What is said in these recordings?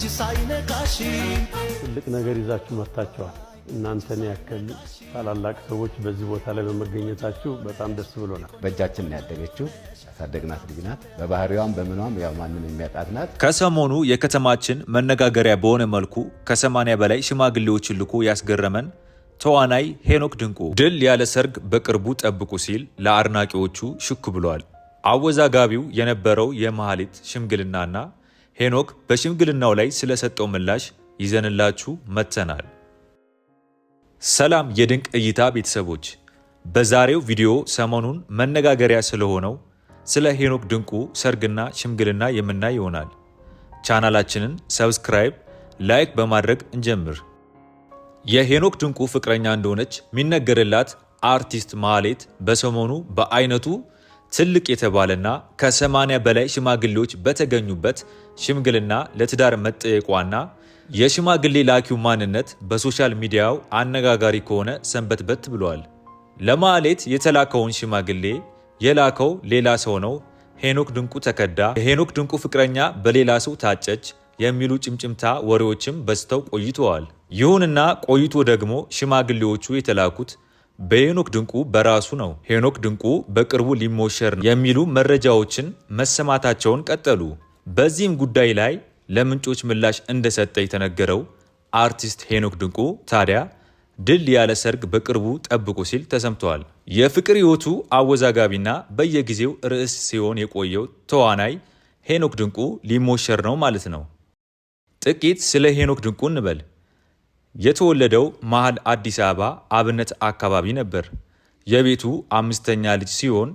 እጅ ሳይነካሽ ትልቅ ነገር ይዛችሁ መጥታችኋል። እናንተን ያክል ታላላቅ ሰዎች በዚህ ቦታ ላይ በመገኘታችሁ በጣም ደስ ብሎናል። በእጃችን ነው ያደገችው ያሳደግናት ልጅ ናት። በባህሪዋም በምኗም ያው ማንም የሚያጣት ናት። ከሰሞኑ የከተማችን መነጋገሪያ በሆነ መልኩ ከሰማንያ በላይ ሽማግሌዎችን ልኮ ያስገረመን ተዋናይ ሄኖክ ድንቁ ድል ያለ ሰርግ በቅርቡ ጠብቁ ሲል ለአድናቂዎቹ ሽክ ብሏል። አወዛጋቢው የነበረው የመሃሊት ሽምግልናና ሄኖክ በሽምግልናው ላይ ስለሰጠው ምላሽ ይዘንላችሁ መጥተናል። ሰላም የድንቅ እይታ ቤተሰቦች፣ በዛሬው ቪዲዮ ሰሞኑን መነጋገሪያ ስለሆነው ስለ ሄኖክ ድንቁ ሰርግና ሽምግልና የምናይ ይሆናል። ቻናላችንን ሰብስክራይብ፣ ላይክ በማድረግ እንጀምር። የሄኖክ ድንቁ ፍቅረኛ እንደሆነች የሚነገርላት አርቲስት ማህሌት በሰሞኑ በአይነቱ ትልቅ የተባለና ከሰማንያ በላይ ሽማግሌዎች በተገኙበት ሽምግልና ለትዳር መጠየቋና የሽማግሌ ላኪው ማንነት በሶሻል ሚዲያው አነጋጋሪ ከሆነ ሰንበትበት ብለዋል። ለማሌት የተላከውን ሽማግሌ የላከው ሌላ ሰው ነው፣ ሄኖክ ድንቁ ተከዳ፣ የሄኖክ ድንቁ ፍቅረኛ በሌላ ሰው ታጨች የሚሉ ጭምጭምታ ወሬዎችም በዝተው ቆይተዋል። ይሁንና ቆይቶ ደግሞ ሽማግሌዎቹ የተላኩት በሄኖክ ድንቁ በራሱ ነው። ሄኖክ ድንቁ በቅርቡ ሊሞሸር ነው የሚሉ መረጃዎችን መሰማታቸውን ቀጠሉ። በዚህም ጉዳይ ላይ ለምንጮች ምላሽ እንደሰጠ የተነገረው አርቲስት ሄኖክ ድንቁ ታዲያ ድል ያለ ሰርግ በቅርቡ ጠብቁ ሲል ተሰምተዋል። የፍቅር ሕይወቱ አወዛጋቢና በየጊዜው ርዕስ ሲሆን የቆየው ተዋናይ ሄኖክ ድንቁ ሊሞሸር ነው ማለት ነው። ጥቂት ስለ ሄኖክ ድንቁ እንበል። የተወለደው መሀል አዲስ አበባ አብነት አካባቢ ነበር። የቤቱ አምስተኛ ልጅ ሲሆን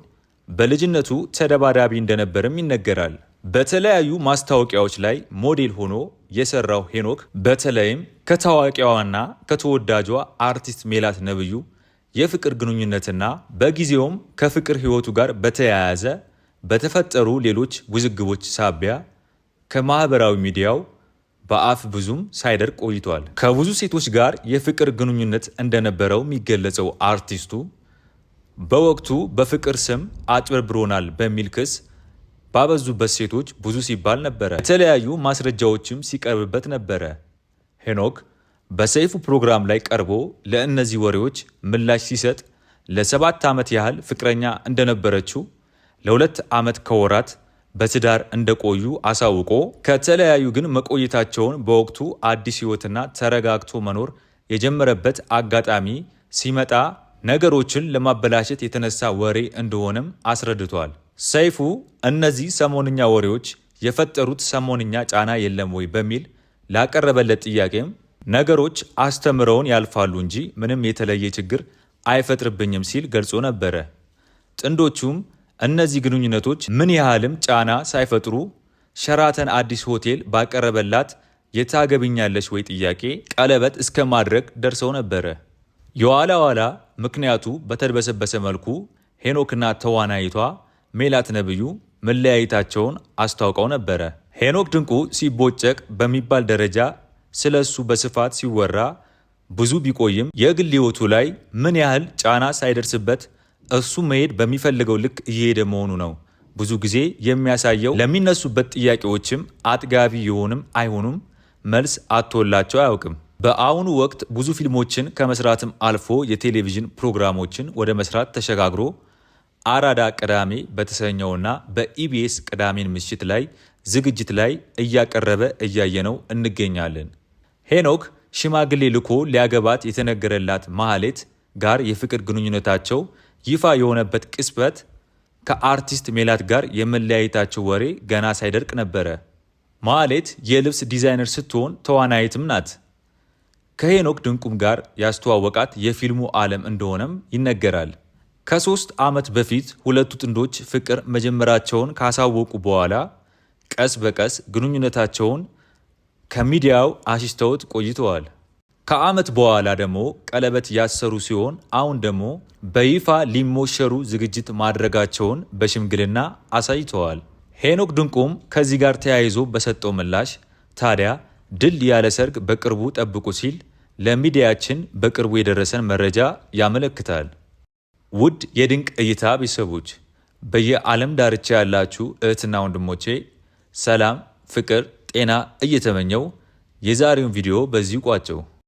በልጅነቱ ተደባዳቢ እንደነበርም ይነገራል። በተለያዩ ማስታወቂያዎች ላይ ሞዴል ሆኖ የሰራው ሄኖክ በተለይም ከታዋቂዋና ከተወዳጇ አርቲስት ሜላት ነብዩ የፍቅር ግንኙነትና በጊዜውም ከፍቅር ሕይወቱ ጋር በተያያዘ በተፈጠሩ ሌሎች ውዝግቦች ሳቢያ ከማህበራዊ ሚዲያው በአፍ ብዙም ሳይደርቅ ቆይቷል። ከብዙ ሴቶች ጋር የፍቅር ግንኙነት እንደነበረው የሚገለጸው አርቲስቱ በወቅቱ በፍቅር ስም አጭበርብሮናል በሚል ክስ ባበዙበት ሴቶች ብዙ ሲባል ነበረ። የተለያዩ ማስረጃዎችም ሲቀርብበት ነበረ። ሄኖክ በሰይፉ ፕሮግራም ላይ ቀርቦ ለእነዚህ ወሬዎች ምላሽ ሲሰጥ ለሰባት ዓመት ያህል ፍቅረኛ እንደነበረችው ለሁለት ዓመት ከወራት በትዳር እንደቆዩ አሳውቆ ከተለያዩ ግን መቆየታቸውን በወቅቱ አዲስ ሕይወትና ተረጋግቶ መኖር የጀመረበት አጋጣሚ ሲመጣ ነገሮችን ለማበላሸት የተነሳ ወሬ እንደሆነም አስረድቷል። ሰይፉ እነዚህ ሰሞንኛ ወሬዎች የፈጠሩት ሰሞንኛ ጫና የለም ወይ በሚል ላቀረበለት ጥያቄም ነገሮች አስተምረውን ያልፋሉ እንጂ ምንም የተለየ ችግር አይፈጥርብኝም ሲል ገልጾ ነበረ። ጥንዶቹም እነዚህ ግንኙነቶች ምን ያህልም ጫና ሳይፈጥሩ ሸራተን አዲስ ሆቴል ባቀረበላት የታገብኛለች ወይ ጥያቄ ቀለበት እስከ ማድረግ ደርሰው ነበረ። የኋላ ኋላ ምክንያቱ በተድበሰበሰ መልኩ ሄኖክና ተዋናይቷ ሜላት ነብዩ መለያየታቸውን አስታውቀው ነበረ። ሄኖክ ድንቁ ሲቦጨቅ በሚባል ደረጃ ስለ እሱ በስፋት ሲወራ ብዙ ቢቆይም የግል ሕይወቱ ላይ ምን ያህል ጫና ሳይደርስበት እሱ መሄድ በሚፈልገው ልክ እየሄደ መሆኑ ነው ብዙ ጊዜ የሚያሳየው። ለሚነሱበት ጥያቄዎችም አጥጋቢ የሆንም አይሆኑም መልስ አቶላቸው አያውቅም። በአሁኑ ወቅት ብዙ ፊልሞችን ከመስራትም አልፎ የቴሌቪዥን ፕሮግራሞችን ወደ መስራት ተሸጋግሮ አራዳ ቅዳሜ በተሰኘውና በኢቢኤስ ቅዳሜን ምሽት ላይ ዝግጅት ላይ እያቀረበ እያየነው እንገኛለን። ሄኖክ ሽማግሌ ልኮ ሊያገባት የተነገረላት ማህሌት ጋር የፍቅር ግንኙነታቸው ይፋ የሆነበት ቅጽበት ከአርቲስት ሜላት ጋር የመለያየታቸው ወሬ ገና ሳይደርቅ ነበረ። ማሌት የልብስ ዲዛይነር ስትሆን ተዋናይትም ናት። ከሄኖክ ድንቁም ጋር ያስተዋወቃት የፊልሙ ዓለም እንደሆነም ይነገራል። ከሶስት ዓመት በፊት ሁለቱ ጥንዶች ፍቅር መጀመራቸውን ካሳወቁ በኋላ ቀስ በቀስ ግንኙነታቸውን ከሚዲያው አሽስተውት ቆይተዋል። ከዓመት በኋላ ደግሞ ቀለበት ያሰሩ ሲሆን አሁን ደግሞ በይፋ ሊሞሸሩ ዝግጅት ማድረጋቸውን በሽምግልና አሳይተዋል። ሄኖክ ድንቁም ከዚህ ጋር ተያይዞ በሰጠው ምላሽ ታዲያ ድል ያለ ሰርግ በቅርቡ ጠብቁ ሲል ለሚዲያችን በቅርቡ የደረሰን መረጃ ያመለክታል። ውድ የድንቅ እይታ ቤተሰቦች በየዓለም ዳርቻ ያላችሁ እህትና ወንድሞቼ ሰላም፣ ፍቅር፣ ጤና እየተመኘው የዛሬውን ቪዲዮ በዚህ ቋጨው።